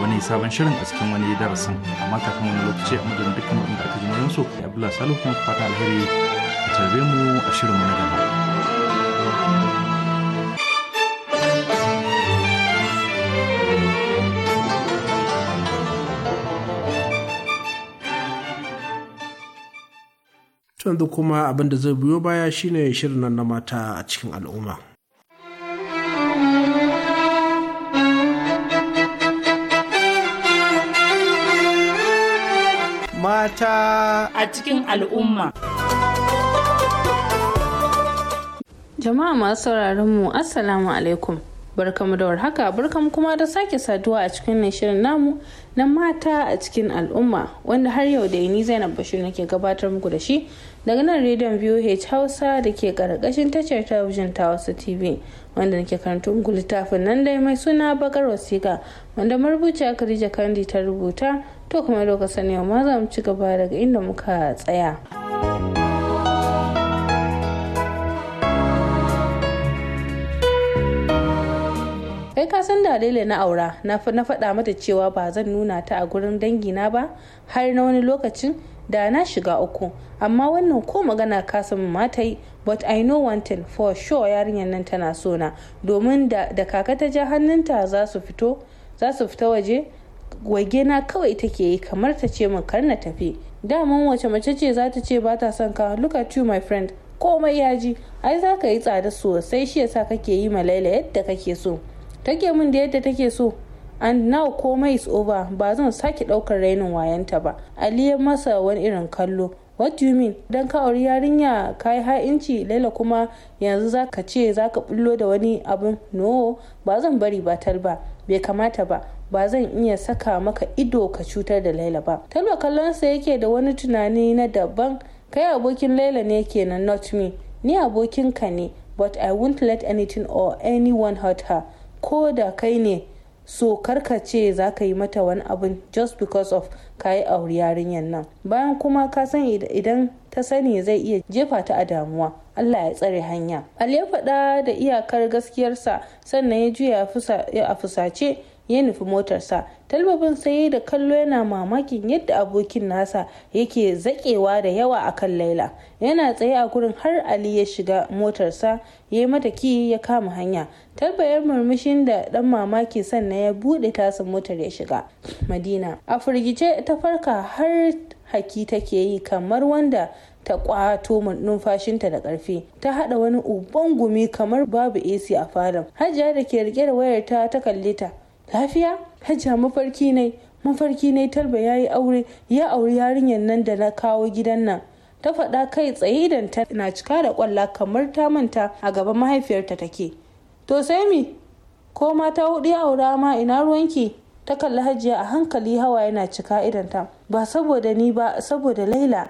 wani sabon shirin a cikin wani darasin amma kafin wani lokaci a madadin dukkan wanda aka ji murin ya bula salihu kuma fata alheri tarbe mu a shirinmu na gaba. yanzu kuma abin da zai biyo baya shine shirin nan na mata a cikin al'umma. Mata a cikin al'umma. Jama'a masu sauraron mu Assalamu alaikum. Barkamu da warhaka, barkamu kuma da sake saduwa a cikin shirin namu na mata a cikin al'umma wanda har yau da ni Zainab Bashir nake gabatar muku da shi daga nan rediyon VOH Hausa da ke karkashin tashar talabijin ta Hausa TV wanda nake karanta muku littafin nan dai mai suna bakar wasiƙa wanda marubuciya Khadija Kandi ta rubuta to kuma lokacin yau ma za mu ci gaba daga inda muka tsaya. kai ka san da na aura na faɗa mata cewa ba zan nuna ta a gurin dangi na ba har na wani lokacin da na shiga uku amma wannan ko magana kasan mata yi but i know one thing for sure yarinyar nan tana so na domin da, da kaka ta ja hannunta za su fito za su fita waje wage na kawai take yi kamar ta ce min kar na tafi daman wace mace ce za ta ce ba ta son ka look at you my friend komai ya ji ai za ka yi tsada sosai shi yasa kake yi ma laila yadda kake so take min da yadda take so and now komai is over ba zan sake daukar rainin wayanta ba ali ya masa wani irin kallo what do you mean dan ka auri yarinya ka yi ha'inci laila kuma yanzu za ka ce za ka bullo da wani abun no ba zan bari batal ba bai kamata ba ba zan iya saka maka ido ka cutar da laila ba talba kallonsa yake da wani tunani na daban kai abokin laila ne kenan not me ni abokinka ne but i won't let anything or anyone hurt her ko da kai ne so karka ce za ka yi mata wani abin just because of ka yi auri yarinyar nan bayan kuma ka san idan ta sani zai iya jefa ta a damuwa Allah ya tsare hanya Ali ya faɗa da iyakar gaskiyarsa sannan ya juya a fusace ya nufi motarsa talbabin sai da kallo yana mamakin yadda abokin nasa yake zakewa da yawa akan laila yana tsaye a gurin har ali ya shiga motarsa ya yi mata ki ya kama hanya talbayar murmushin da dan mamaki sannan ya bude tasin motar ya shiga madina a firgice ta farka har haki take yi kamar wanda ta kwato numfashinta da ƙarfi ta haɗa wani uban gumi kamar babu ac a falon hajiya da ke rike da wayarta ta ta kalle ta lafiya hajja mafarki ne mafarki ne talba ya yi aure ya auri yarinyar nan da na kawo gidan nan ta faɗa kai tsaye idan ta na cika da ƙwalla kamar ta manta a gaban mahaifiyarta take to sai mi ko mata hudu ya aura ma ina ruwanki ta kalli hajiya a hankali hawa yana cika idan ta ba saboda ni ba saboda laila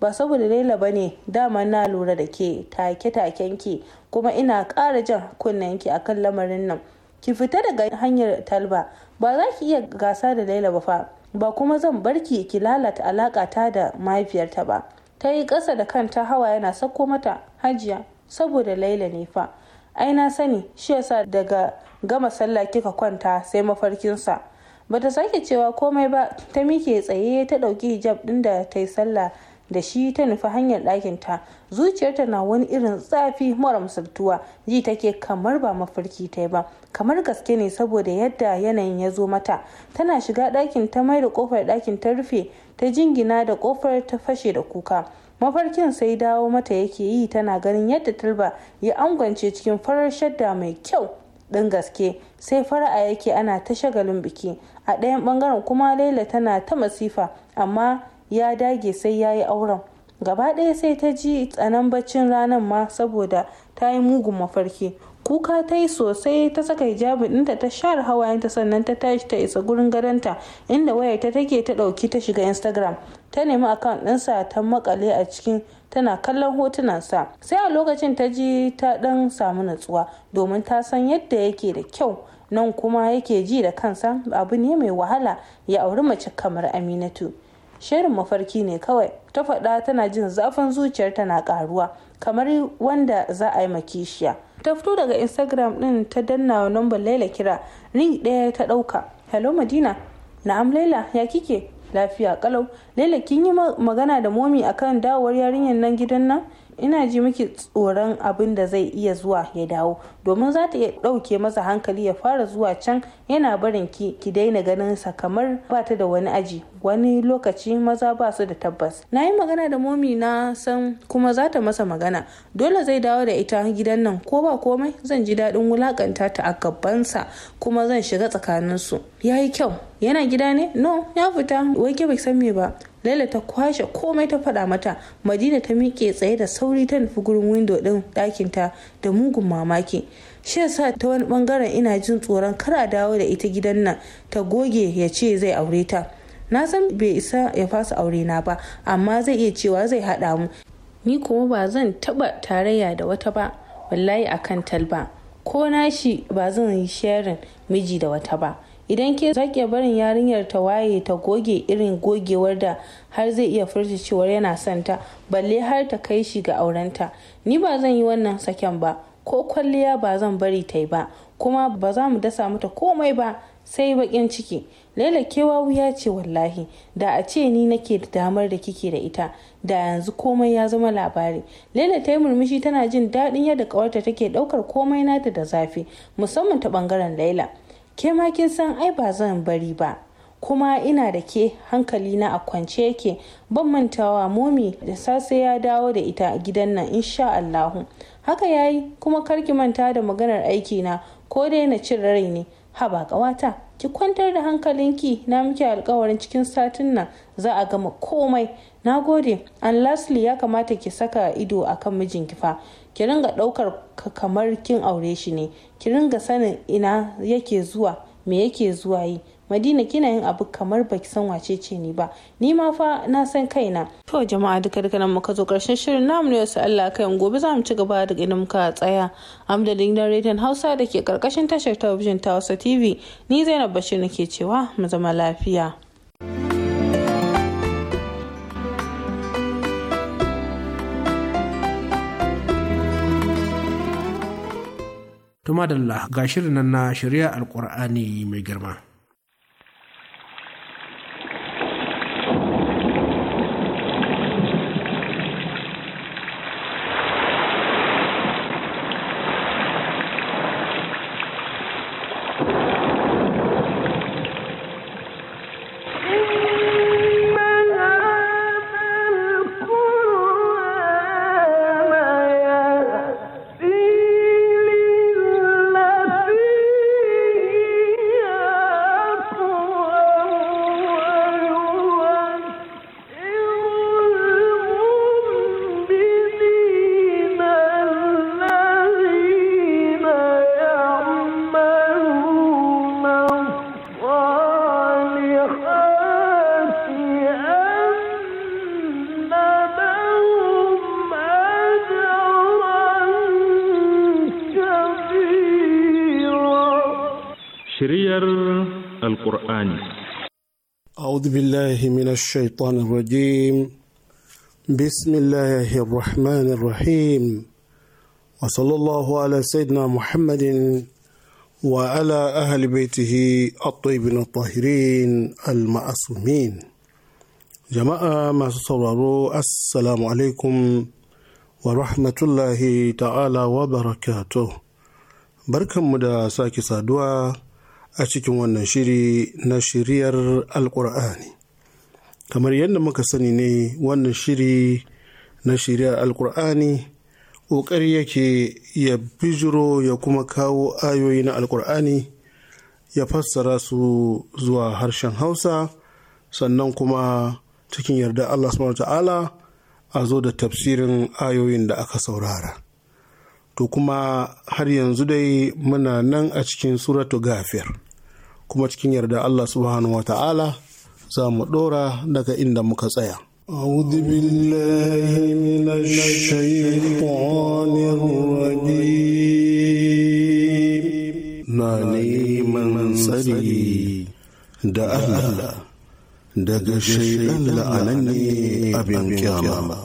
ba saboda laila ba ne dama na lura da ke take taken ki kuma ina ƙara jan kunnen a akan lamarin nan ki fita daga hanyar talba ba za ki iya gasa da laila ba fa ba kuma zan barki ki lalata alaka ta da mahaifiyarta ba ta yi ƙasa da kanta hawa yana sako mata hajiya saboda laila ne fa ai na sani shi yasa daga gama sallah kika kwanta sai mafarkinsa bata sake cewa komai ba ta mike tsaye ta ɗauki hijab ɗin da ta yi sallah da shi ta nufi hanyar ɗakinta zuciyarta na wani irin tsafi mara musaltuwa ji take kamar ba mafarki ta ba kamar gaske ne saboda yadda yanayin ya zo mata tana shiga ɗakin ta mai da ƙofar ɗakin ta rufe ta jingina da ƙofar ta fashe da kuka mafarkin sai dawo mata yake yi tana ganin yadda talba ya angwance cikin farar shadda mai kyau ɗin gaske sai fara'a yake ana ta shagalin biki a ɗayan ɓangaren kuma laila tana ta masifa amma ya dage sai ya yi auren gaba ɗaya sai ta ji tsanan baccin ranar ma saboda ta yi mugun mafarki kuka ta yi sosai ta saka hijabi ɗinta ta share hawayenta sannan ta tashi ta isa gurin gadonta inda waya ta take ta ɗauki ta shiga instagram ta nemi akan ɗinsa ta makale a cikin tana kallon hotunansa sai a lokacin ta ji ta ɗan samu natsuwa domin ta san yadda yake da kyau nan kuma yake ji da kansa abu ne mai wahala ya auri mace kamar aminatu shirin mafarki ne kawai ta faɗa tana jin zafin zuciyar na ƙaruwa kamar wanda za a yi makishiya ta fito daga instagram ɗin ta danna wa nambar laila kira ring ɗaya ta ɗauka hello madina na'am laila ya kike lafiya kalau laila kin yi magana da momi akan dawowar yarinyar nan gidan nan ina ji miki tsoron abin da zai iya zuwa ya dawo domin za ta iya ɗauke masa hankali ya fara zuwa can yana barin ki ki daina ganin sa kamar ba ta da wani aji wani lokaci maza ba su da tabbas na yi magana da momi na san kuma za ta masa magana dole zai dawo da ita gidan nan ko ba komai zan ji daɗin wulakanta ta a gabansa kuma zan shiga tsakaninsu ya yi kyau yana gida ne no ya fita wai ke bai san me ba Laila ta kwashe komai ta faɗa mata. Madina ta miƙe tsaye da sauri ta nufi gurin windo ɗin ta da mugun mamaki. Shi sa ta wani ɓangaren ina jin tsoron kara a dawo da ita gidan nan ta goge ya ce zai aure ta. Na san bai isa ya fasa aure na ba amma zai iya cewa zai haɗa mu. Ni kuma ba zan taɓa tarayya da wata ba wallahi akan talba. Ko nashi ba zan yi sharin miji da wata ba. idan ke zake barin yarinyar ta waye ta goge irin gogewar da har zai iya furta cewar yana santa balle har ta kai shi ga aurenta ni ba zan yi wannan saken ba ko kwalliya ba zan bari ta yi ba kuma ba za mu dasa mata komai ba sai bakin ciki laila kewa wuya ce wallahi da a ce ni nake da damar da kike da ita da yanzu komai ya zama labari laila ta yi murmushi tana jin daɗin yadda ƙawarta take ɗaukar komai nata da zafi musamman ta ɓangaren laila ke ma kin san ai ba zan bari ba kuma ina da ke hankali na a kwance yake ban mantawa momi da sase ya dawo da ita a gidan nan insha Allahu haka yayi kuma kar ki manta da maganar aiki na ko dai na cin rai ne haba kawata ki kwantar da hankalinki na miki alkawarin cikin satin nan za a gama komai na gode lastly ya kamata ki saka ido akan mijinki fa ki ringa ɗaukar ka kamar kin aure shi ne ki ringa sanin ina yake zuwa me yake zuwa yi madina kina yin abu kamar baki san wace ce ni ba ni ma fa na san kaina to jama'a duka duka nan muka zo karshen shirin namu ne wasu Allah kai gobe za mu ci gaba da idan muka tsaya amdalin gidan rediyon Hausa da ke karkashin tashar talabijin ta Hausa TV ni Zainab Bashir nake cewa mu zama lafiya Tuma da ga shirin nan na shirya alkur'ani mai girma. أعوذ بالله من الشيطان الرجيم بسم الله الرحمن الرحيم وصلى الله على سيدنا محمد وعلى أهل بيته الطيبين الطاهرين المعصومين جماعة ما صوروا السلام عليكم ورحمة الله تعالى وبركاته بركة مدى ساكي صدوى a cikin wannan shiri na shiriyar alkur'ani kamar yadda muka sani ne wannan shiri na shiriyar alkur'ani ƙoƙari yake ya bijiro ya kuma kawo ayoyi na alkur'ani ya fassara su zuwa harshen hausa sannan kuma cikin yarda allah subhanahu ta'ala a zo da tafsirin ayoyin da aka saurara to kuma har yanzu dai muna nan a cikin suratu gafir kuma cikin yarda Allah subhanahu wa ta'ala za mu ɗora daga inda muka tsaya أعوذ بالله من الشيطان الرجيم ناني من tsari da Allah daga shaidan la'ananne abin kyama.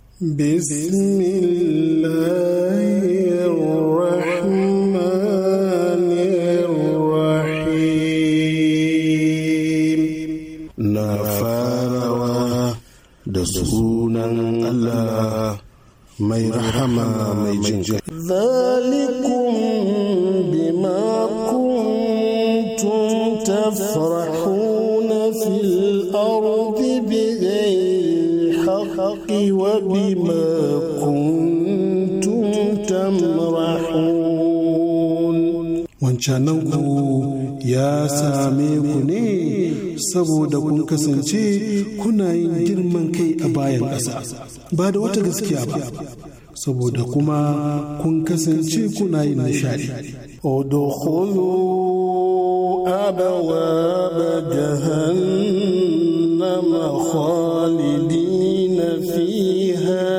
رسولا الله من رحم من ذلكم بما كنتم تفرحون في الأرض بغير الحق وبما كنتم تمرحون وانشانوكو يا سامي نيه saboda kun kasance kuna yin girman kai a bayan ƙasa ba da wata gaskiya ba saboda kuma kun kasance kuna yin nishadi أبواب جهنم خالدين فيها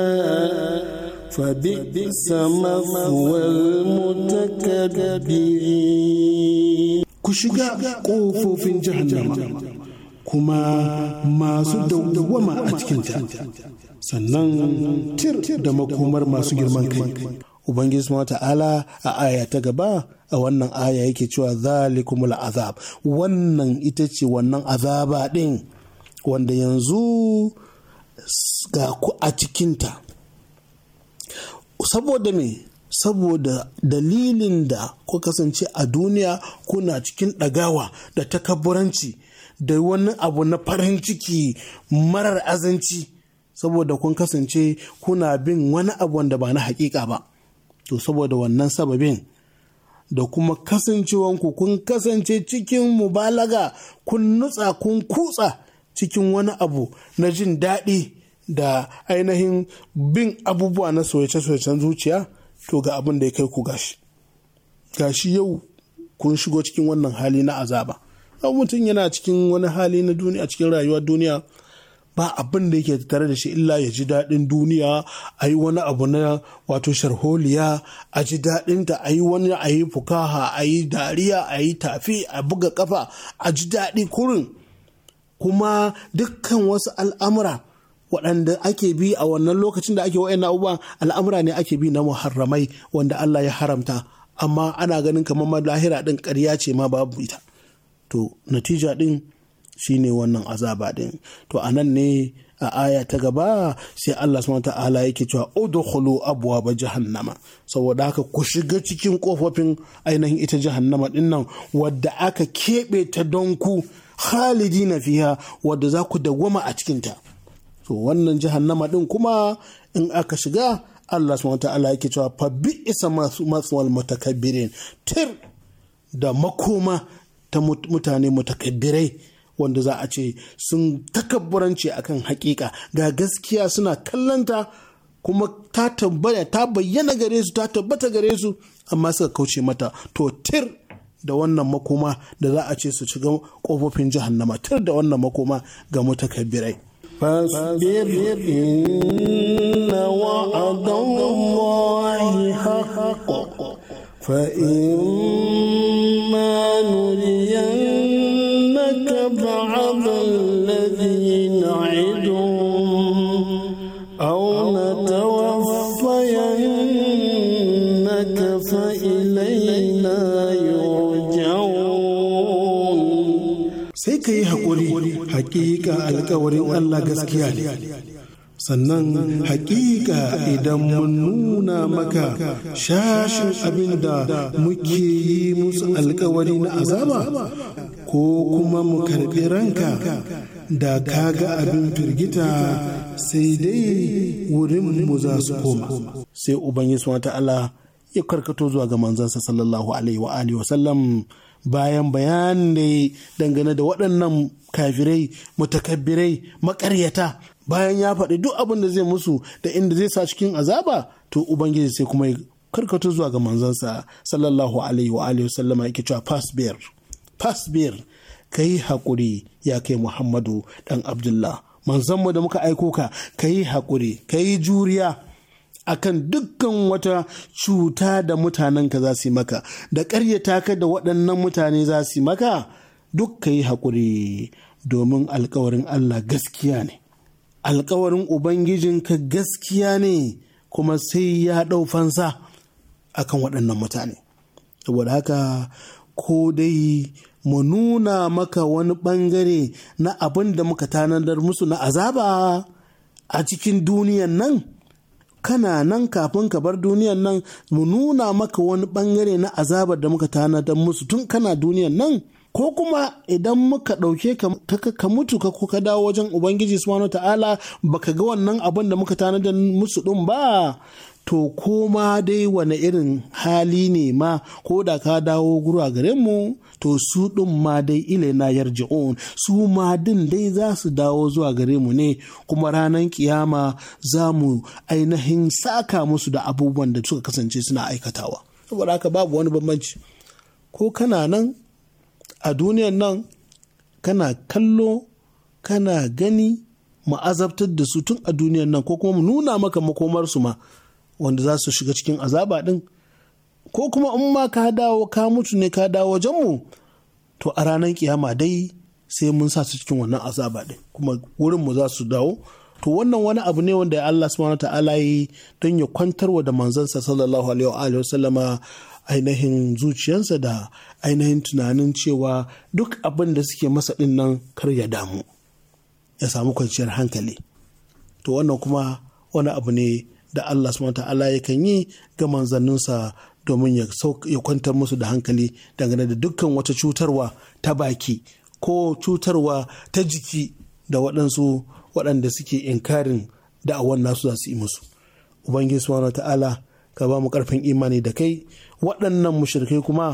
فبئس مثوى المتكبرين shiga ƙofofin jahannama kuma masu dawwama a cikinta sannan tir da makomar masu girman kai Ubangiji subhanahu ta'ala a aya ta gaba a wannan aya yake cewa zalikumul azab wannan ita ce wannan azaba ɗin wanda yanzu ga ku a cikinta saboda me saboda dalilin da ku kasance a duniya kuna cikin ɗagawa da takabburanci da wani abu na farin ciki marar azanci saboda kun kasance kuna bin wani abu wanda ba na hakika ba to saboda wannan sababin da kuma kasancewanku kun kasance cikin mubalaga kun nutsa kun kutsa cikin wani abu na jin daɗi da ainihin bin abubuwa na soyace-soyacen zuciya to ga abin da ya kai ku gashi gashi yau kun shigo cikin wannan hali na azaba ɗan mutum yana cikin wani hali na duniya a cikin rayuwar duniya ba abin da yake tare da shi illa ya ji daɗin duniya a yi wani abu na wato sharholiya a ji daɗin a yi wani a yi fukaha a yi dariya a yi tafi a buga kafa a ji daɗi kurin kuma dukkan wasu al'amura waɗanda ake bi a wannan lokacin da ake wa'in abubuwa al'amura ne ake bi na muharramai wanda Allah ya haramta amma ana ganin kamar lahira ɗin ƙarya ce ma babu ita to natija ɗin shine wannan azaba ɗin to a nan ne a aya ta gaba sai Allah subhanahu ta'ala yake cewa udkhulu abwaaba jahannama saboda haka ku shiga cikin kofofin ainihin ita jahannama ɗin nan wadda aka keɓe ta don ku khalidina fiha wadda za ku dawwama a cikinta to wannan jahannama din kuma in aka shiga Allah subhanahu ta'ala yake cewa fa bi isa maswal mutakabbirin tir da makoma ta mutane mutakabbirai wanda za a ce sun takabburanci akan hakika ga gaskiya suna kallanta kuma ta tabbata ta bayyana gare su ta tabbata gare su amma suka kauce mata to tir da wannan makoma da za a ce su shiga kofofin jahannama tir da wannan makoma ga mutakabbirai فاصبر إن وعد الله حق فإما نرينك بعض الذي نعدهم أو نتوفينك فإلينا يرجعون سيكي هقولي hakika alkawarin Allah gaskiya ne sannan hakika idan mun nuna maka shashin abin da muke yi musu alkawari na azaba ko kuma mu karɓi ranka da ka ga abin firgita sai dai wurin mu za su koma sai ubangiji wata Allah ya karkato zuwa ga manzansa sallallahu alaihi wa alihi wa sallam bayan bayanin da ya dangane da waɗannan kafirai mutakabbirai maƙaryata bayan ya faɗi duk abin da zai musu da inda zai sa cikin azaba to ubangiji sai kuma karkato zuwa ga manzansa sallallahu alaihi wa alihi sallama yake cewa fasbir fasbir kai hakuri ya kai muhammadu dan abdullah manzanmu da muka aiko ka kai hakuri kai juriya akan dukkan wata cuta da mutanen ka za su maka da ƙaryata ka da waɗannan mutane za su maka duk ka yi haƙuri domin alkawarin Allah gaskiya ne alkawarin ubangijinka gaskiya ne kuma sai ya ɗau fansa akan waɗannan mutane saboda haka ko dai mu nuna maka wani ɓangare na abin da muka tanadar musu na azaba a cikin duniyan nan kana nan kafin ka bar duniyan nan mu nuna maka wani bangare na azabar da muka tanadar musu tun kana duniyan nan ko kuma idan muka ɗauke ka mutu ka ka dawo wajen ubangiji subhanahu ta'ala baka ga wannan abin da muka tanadar musu ɗin ba to koma dai wani irin hali ne ma ko da ka dawo gura gare mu to su ɗin ma dai ilaina yarji'un su ma din dai za su dawo zuwa gare mu ne kuma ranar kiyama za mu ainihin saka musu da abubuwan da suka kasance suna aikatawa saboda haka babu wani bambanci ko kana nan a duniyan nan kana kallo kana gani mu azabtar da su tun a duniyan nan ko kuma mu nuna maka makomarsu ma wanda za su shiga cikin azaba din ko kuma in ma ka dawo ka mutu ne ka dawo wajen mu to a ranar kiyama dai sai mun sa su cikin wannan azaba din kuma wurin mu za su dawo to wannan wani abu ne wanda Allah subhanahu ta'ala yi don ya kwantarwa da sa sallallahu alaihi wa sallama ainihin zuciyarsa da ainihin tunanin cewa duk abin da suke masa din nan kar ya damu ya samu kwanciyar hankali to wannan kuma wani abu ne da Allah subhanahu ta'ala yakan yi ga manzanninsa domin ya kwantar musu da hankali dangane da dukkan wata cutarwa ta baki ko cutarwa ta jiki da waɗansu waɗanda suke inkarin da'awar nasu za su yi musu ubangiji subhanahu ta'ala ka ba mu karfin imani da kai waɗannan mushrikai kuma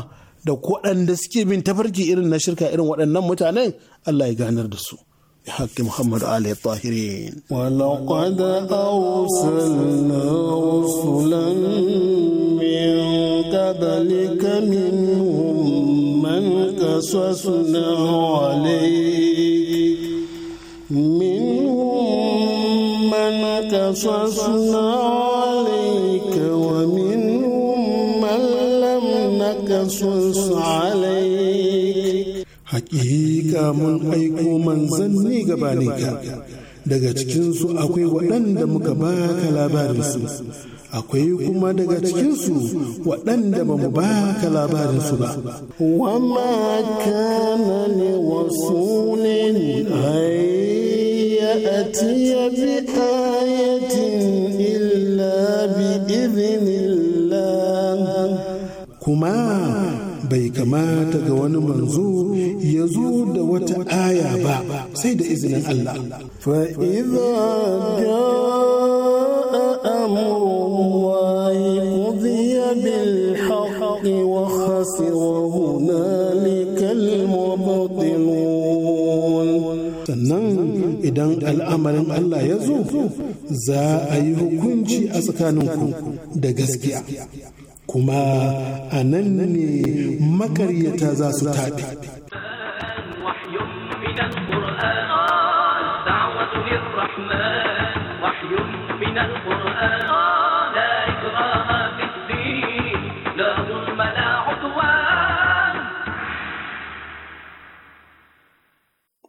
da waɗanda suke bin tafarki irin na shirka irin waɗannan mutanen Allah ya ganar da su بحق محمد آل الطاهرين ولقد أرسلنا رسلا قبلك منهم من قصصنا عليك منهم من قصصنا عليك ومنهم من لم نقصص عليك حقيقة من أيكم من زني قبلك daga cikinsu akwai waɗanda muka ba baka labarinsu akwai kuma daga cikinsu waɗanda ba mu ba ka labarinsu ba wama kana ne wasu ne ya bi بآية illa bi, الله Kuma. bai kamata ga wani manzo ya zo da wata aya ba sai da izinin Allah. sannan idan al'amarin Allah ya zo za a yi hukunci a tsakanin tsakaninku da gaskiya kuma a nan ne makaryata za su tafi.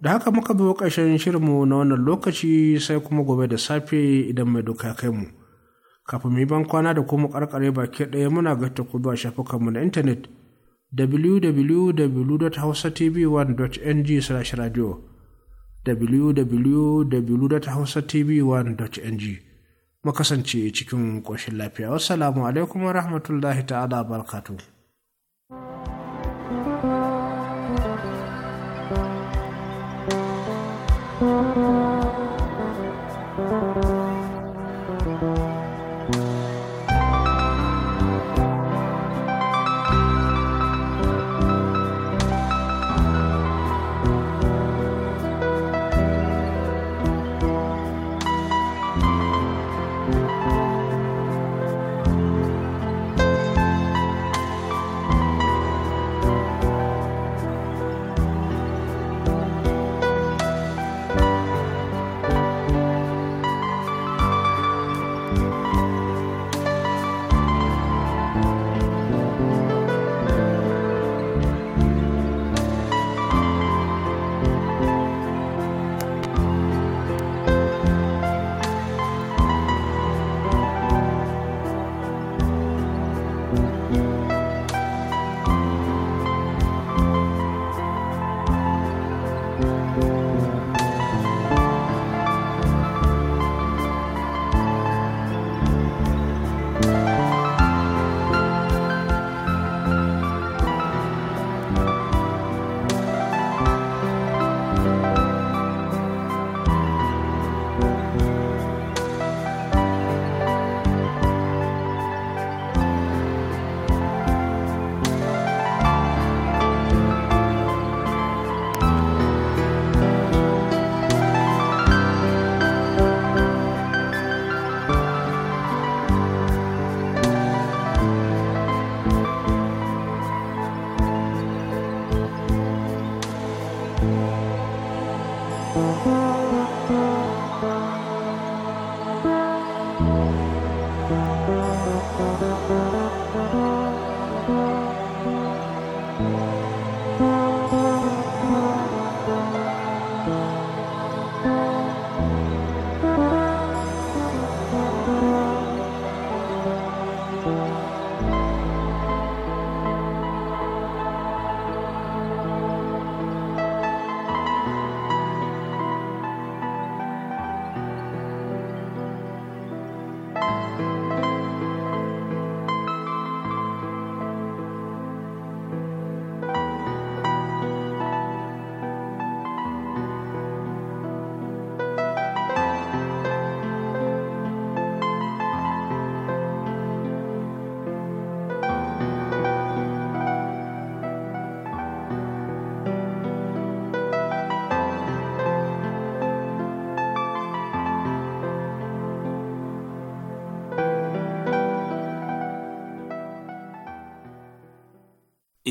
Da haka muka bi ƙarshen shirinmu na wannan lokaci sai kuma gobe da safe idan mai doka kai mu. kafin mu yi ban kwana da kuma karkare baki ɗaya muna gaita ku a shafukanmu na intanet www.hausatv1.ng/radio www.hausatv1.ng mu kasance cikin ƙoshin lafiya wassalamu alaikum wa rahmatullahi ta'ala barkatu